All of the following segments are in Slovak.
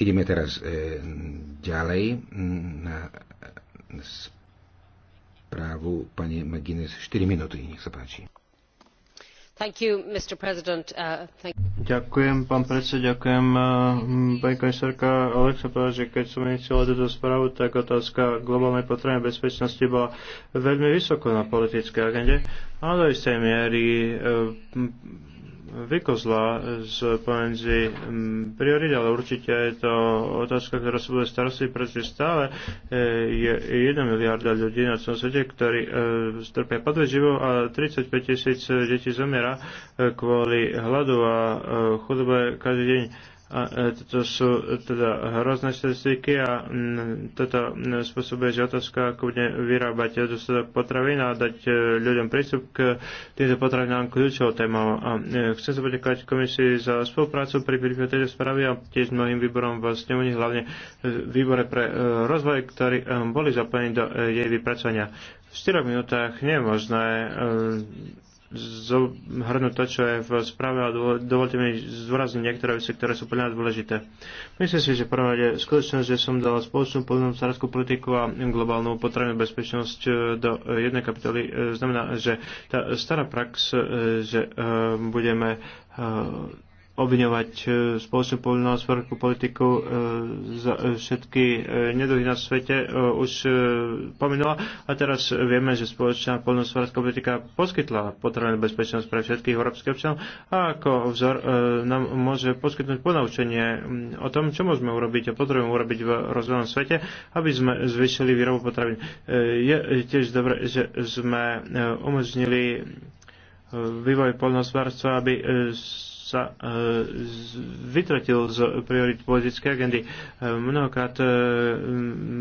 Ideme teraz e, ďalej mm, na správu pani McGuinness. 4 minúty, nech sa páči. Thank You, Mr. President. uh, thank you. ďakujem, pán predseda, ďakujem, uh, pani komisárka. Ale chcem povedať, že keď som iniciala túto správu, tak otázka globálnej potreby bezpečnosti bola veľmi vysoko na politickej agende a do istej miery uh, vykozla z pomedzi priorít, ale určite je to otázka, ktorá sa bude starosti pretože stále e, je 1 miliarda ľudí na celom svete, ktorí e, strpia živo a 35 tisíc detí zomiera e, kvôli hladu a chudobe každý deň a, e, toto sú e, teda hrozné štatistiky a toto spôsobuje, že otázka, ako bude vyrábať dostatok potravín a dať e, ľuďom prístup k týmto potravinám kľúčovou témou. A chcem sa poďakovať komisii za spoluprácu pri príprave tejto správy a tiež mnohým výborom v snemovni, hlavne výbore pre rozvoj, ktorí boli zapojení do jej vypracovania. V 4 minútach nie je možné zhrnúť to, čo je v správe a dovolte mi zdôrazniť niektoré veci, ktoré sú podľa dôležité. Myslím si, že prvom rade skutočnosť, že som dal spoločnú poľnohospodárskú politiku a globálnu potrebnú bezpečnosť e, do e, jednej kapitoly, e, znamená, že tá stará prax, že budeme obviňovať e, spoločnú poľnohospodárskú politiku e, za e, všetky neduhy na svete už pominula a teraz vieme, že spoločná poľnohospodárska politika poskytla potrebné bezpečnosť pre všetkých európskych občanov a ako vzor nám môže poskytnúť ponaučenie mm, o tom, čo môžeme urobiť a potrebujeme urobiť v rozvojom svete, aby sme zvýšili výrobu potravín. Je tiež dobré, že sme umožnili vývoj poľnohospodárstva, aby sa e, vytratil z priorit politické agendy. E, mnohokrát e,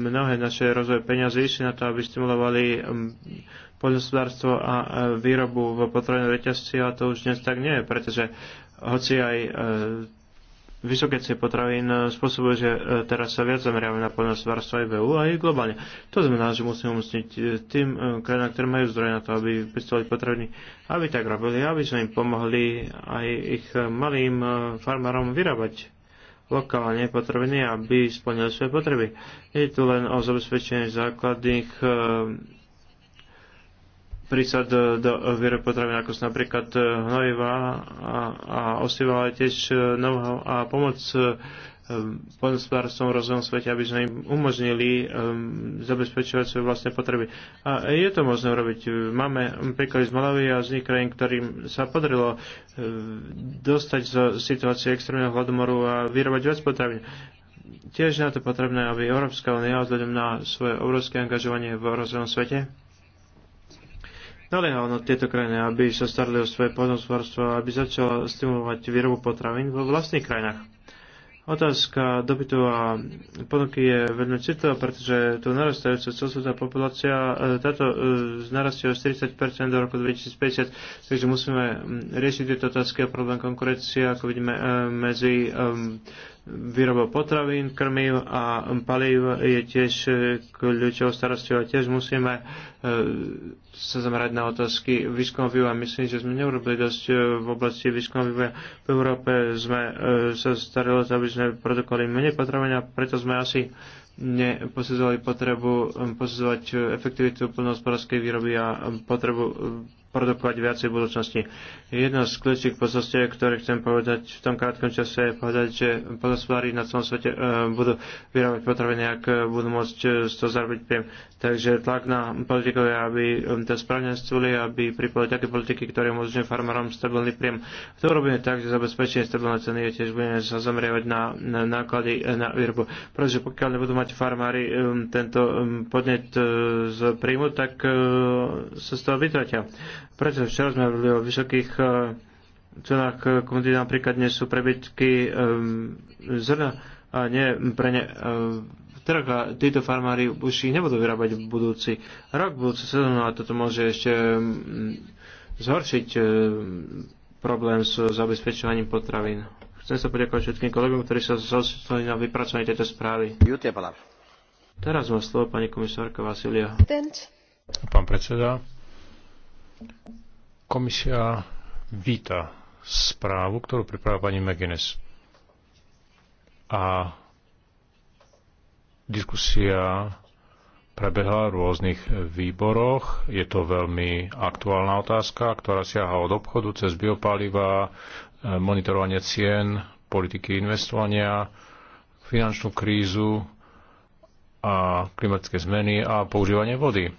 mnohé naše rozvoje peniaze išli na to, aby stimulovali poľnospodárstvo a výrobu v potrebnom reťazci a to už dnes tak nie je, pretože hoci aj vysoké cie potravín e, spôsobuje, že e, teraz sa viac zameriavame na poľnohospodárstvo aj EU aj globálne. To znamená, že musíme umocniť e, tým krajinám, ktoré majú zdroje na to, aby pestovali potraviny, aby tak robili, aby sme im pomohli aj ich malým farmárom vyrábať lokálne potraviny, aby splnili svoje potreby. Je tu len o zabezpečenie základných prísad do výroby potravín, ako sú napríklad e, hnojiva a, a osiva, ale tiež e, know a pomoc e, podnospodárstvom v rozvojom svete, aby sme im umožnili um, zabezpečovať svoje vlastné potreby. A je to možné urobiť. Máme príklad z Malavy a z nich krajín, ktorým sa podarilo um, dostať z situácie extrémneho hladomoru a vyrobať viac potravín. Tiež na to potrebné, aby Európska únia, vzhľadom na svoje obrovské angažovanie v rozvojom svete, naliehavo na tieto krajiny, aby sa starali o svoje podnosvarstvo a aby začala stimulovať výrobu potravín vo vlastných krajinách. Otázka dopytu a ponuky je veľmi citlivá, pretože tu narastajúca celosvetová populácia, e, táto e, narastie o 40% do roku 2050, takže musíme mm, riešiť tieto otázky a problém konkurencie, ako vidíme, e, medzi výroba potravín, krmiv a palív je tiež kľúčovou starosťou a tiež musíme e, sa zamerať na otázky výskumu vývoja. Myslím, že sme neurobili dosť e, v oblasti výskumu vývoja. V Európe sme e, sa starili, aby sme produkovali menej potravín a preto sme asi neposudzovali potrebu posudzovať efektivitu plnohospodárskej výroby a potrebu produkovať viacej v budúcnosti. Jedno z kľúčových pozostiev, ktoré chcem povedať v tom krátkom čase, je povedať, že podospodári na celom svete eh, budú vyrábať potraviny, ak eh, budú môcť eh, z toho zarobiť priem. Takže tlak na politikov je, aby to správne stúli, aby pripravili také politiky, ktoré umožňujú farmárom stabilný priem. To robíme tak, že zabezpečenie stabilné ceny je tiež budeme sa zameriavať na, na náklady na výrobu. Pretože pokiaľ nebudú mať farmári tento podnet z príjmu, tak sa z toho vytratia. Prečo včera sme hovorili o vysokých e, cenách e, komodít, napríklad dnes sú prebytky e, zrna a nie pre ne trh a títo farmári už ich nebudú vyrábať v budúci rok, budúci sezónu a toto môže ešte mm, zhoršiť problém s zabezpečovaním potravín. Chcem sa poďakovať všetkým kolegom, ktorí sa zosústali na vypracovanie tejto správy. Teraz má slovo pani komisárka Vasilia. Pán predseda, Komisia víta správu, ktorú pripravila pani McGuinness. A diskusia prebehla v rôznych výboroch. Je to veľmi aktuálna otázka, ktorá siaha od obchodu cez biopaliva, e, monitorovanie cien, politiky investovania, finančnú krízu a klimatické zmeny a používanie vody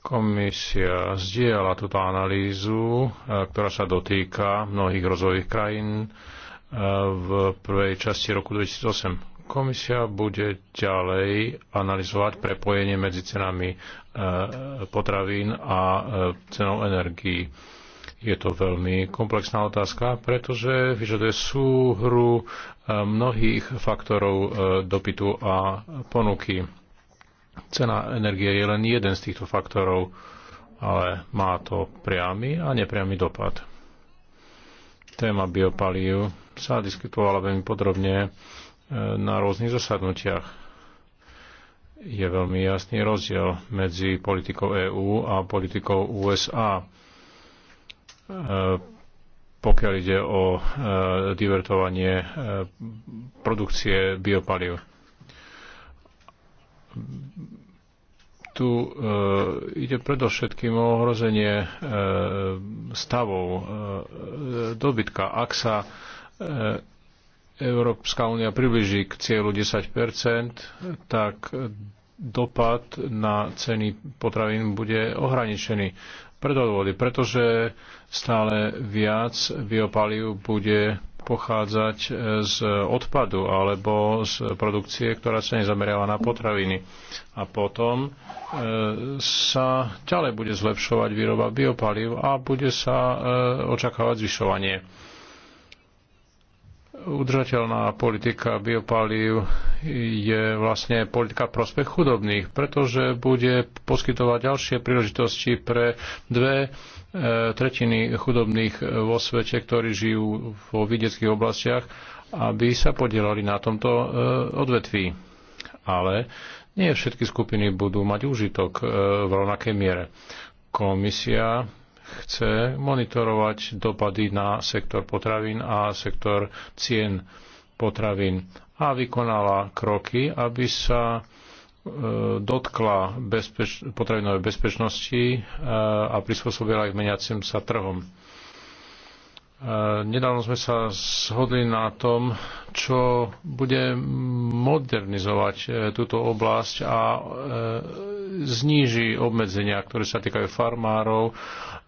Komisia zdieľa túto analýzu, e, ktorá sa dotýka mnohých rozvojových krajín e, v prvej časti roku 2008. Komisia bude ďalej analyzovať prepojenie medzi cenami e, potravín a cenou energií. Je to veľmi komplexná otázka, pretože vyžaduje súhru mnohých faktorov dopytu a ponuky Cena energie je len jeden z týchto faktorov, ale má to priamy a nepriamy dopad. Téma biopalív sa diskutovala veľmi podrobne e, na rôznych zasadnutiach je veľmi jasný rozdiel medzi politikou EÚ a politikou USA. E, pokiaľ ide o e, divertovanie produkcie biopalív tu e, ide predovšetkým o ohrozenie e, stavov e, dobytka. Ak sa e, Európska únia približí k cieľu 10 tak dopad na ceny potravín bude ohraničený pre dovody, pretože stále viac biopalív bude pochádzať e, z odpadu alebo z produkcie, ktorá sa nezameriava na potraviny. A potom e, sa ďalej bude zlepšovať výroba biopalív a bude sa e, očakávať zvyšovanie udržateľná politika biopalív je vlastne politika prospech chudobných, pretože bude poskytovať ďalšie príležitosti pre dve e, tretiny chudobných vo svete, ktorí žijú vo vidieckých oblastiach, aby sa podielali na tomto e, odvetví. Ale nie všetky skupiny budú mať úžitok e, v rovnakej miere. Komisia chce monitorovať dopady na sektor potravín a sektor cien potravín a vykonala kroky, aby sa e, dotkla bezpeč- potravinovej bezpečnosti e, a prispôsobila ich meniacim sa trhom. Eh, nedávno sme sa shodli na tom, čo bude modernizovať eh, túto oblasť a eh, zníži obmedzenia, ktoré sa týkajú farmárov,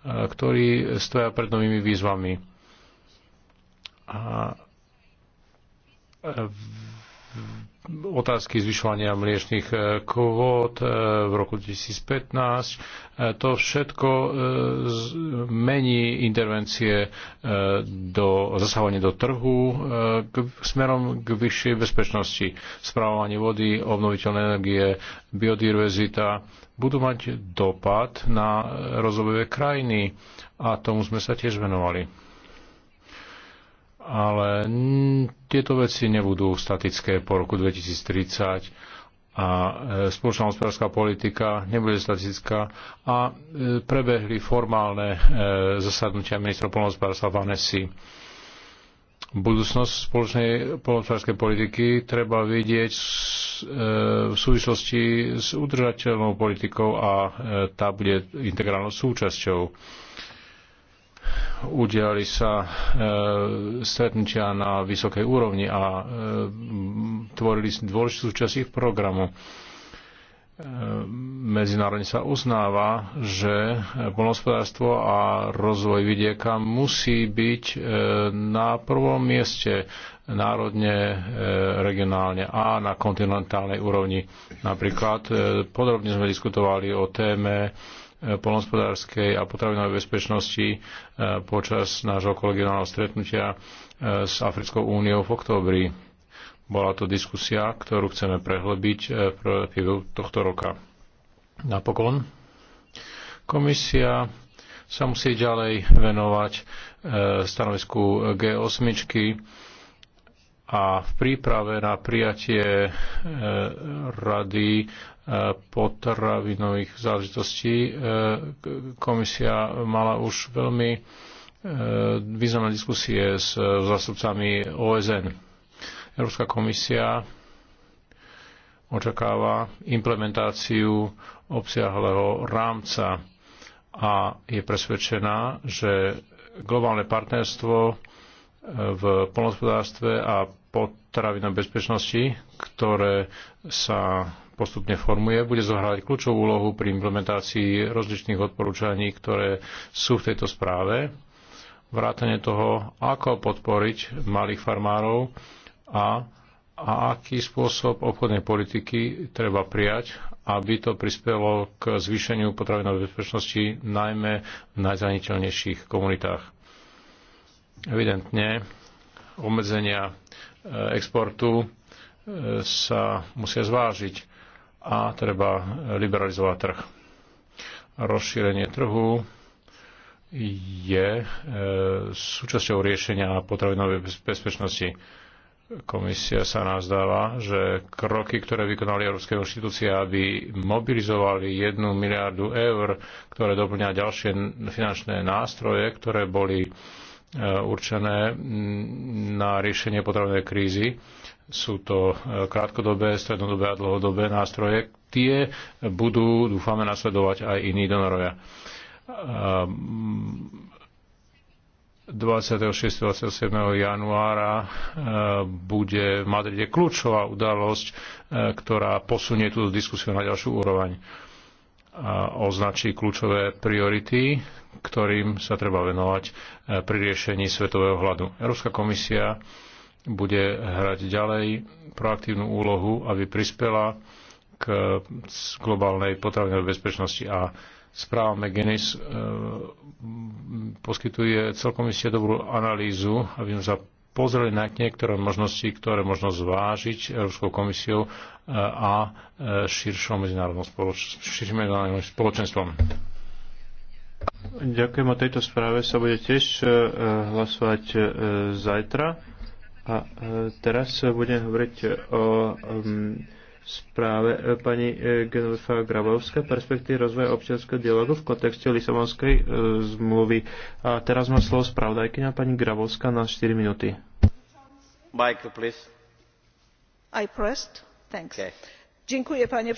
ktorí stoja pred novými výzvami. A otázky zvyšovania mliečných e, kvót e, v roku 2015. E, to všetko mení intervencie do zasahovania do trhu k, smerom k vyššej bezpečnosti. Správovanie vody, obnoviteľné energie, biodiverzita budú mať dopad na rozvojové krajiny a tomu sme sa tiež venovali ale tieto veci nebudú statické po roku 2030 a e, spoločná hospodárska politika nebude statická a e, prebehli formálne e, zasadnutia ministra polnohospodárstva v Anesi. Budúcnosť spoločnej polnohospodárskej politiky treba vidieť v súvislosti s udržateľnou politikou a tá bude integrálnou súčasťou udiali sa e, stretnutia na vysokej úrovni a e, tvorili dôležitú súčasť ich programu. E, medzinárodne sa uznáva, že polnospodárstvo a rozvoj vidieka musí byť na prvom mieste národne, regionálne a na kontinentálnej úrovni. Napríklad podrobne sme diskutovali o téme Eh, polnospodárskej a potravinovej bezpečnosti eh, počas nášho kolegionálneho stretnutia eh, s Africkou úniou v októbri. Bola to diskusia, ktorú chceme prehlbiť v priebehu tohto roka. Napokon, komisia sa musí ďalej venovať stanovisku G8 a v príprave na prijatie e, rady e, potravinových záležitostí e, komisia mala už veľmi významné diskusie s zástupcami OSN. Európska komisia očakáva implementáciu obsiahleho rámca a je presvedčená, že globálne partnerstvo v polnospodárstve a potravinom bezpečnosti, ktoré sa postupne formuje, bude zohrávať kľúčovú úlohu pri implementácii rozličných odporúčaní, ktoré sú v tejto správe. Vrátane toho, ako podporiť malých farmárov a, a aký spôsob obchodnej politiky treba prijať, aby to prispelo k zvýšeniu potravinovej bezpečnosti najmä v najzraniteľnejších komunitách. Evidentne obmedzenia e, exportu e, sa musia zvážiť a treba e, liberalizovať trh. Rozšírenie trhu je súčasťou riešenia potravinovej bezpečnosti. Komisia sa nazdáva, že kroky, ktoré vykonali európske inštitúcie, aby mobilizovali jednu miliardu eur, ktoré doplňa ďalšie finančné nástroje, ktoré boli Eh, určené mm, na riešenie potravnej krízy. Sú to eh, krátkodobé, strednodobé a dlhodobé nástroje. Tie budú, dúfame, nasledovať aj iní donorovia. 26. Ehm, 27. januára eh, bude v Madride kľúčová udalosť, ktorá posunie túto diskusiu na ďalšiu úroveň označí kľúčové priority, ktorým sa treba venovať e, pri riešení svetového hladu. Európska komisia bude hrať ďalej proaktívnu úlohu, aby prispela k globálnej potravinovej bezpečnosti a správa McGuinness e, poskytuje celkom iste dobrú analýzu, aby sme sa pozreli na niektoré možnosti, ktoré možno zvážiť Európskou komisiou e, a e, širšou medzinárodnou spoloč- spoločenstvom. Ďakujem. O tejto správe sa bude tiež e, hlasovať zajtra. A teraz budem hovoriť o správe e, pani e, Genova Grabovská perspektívy rozvoja občianského dialogu v kontexte Lisabonskej e, zmluvy. A teraz má slovo spravodajkyňa pani Grabovská na 4 minúty. Michael, please. I pressed. Thanks. Okay. Dziękuję, panie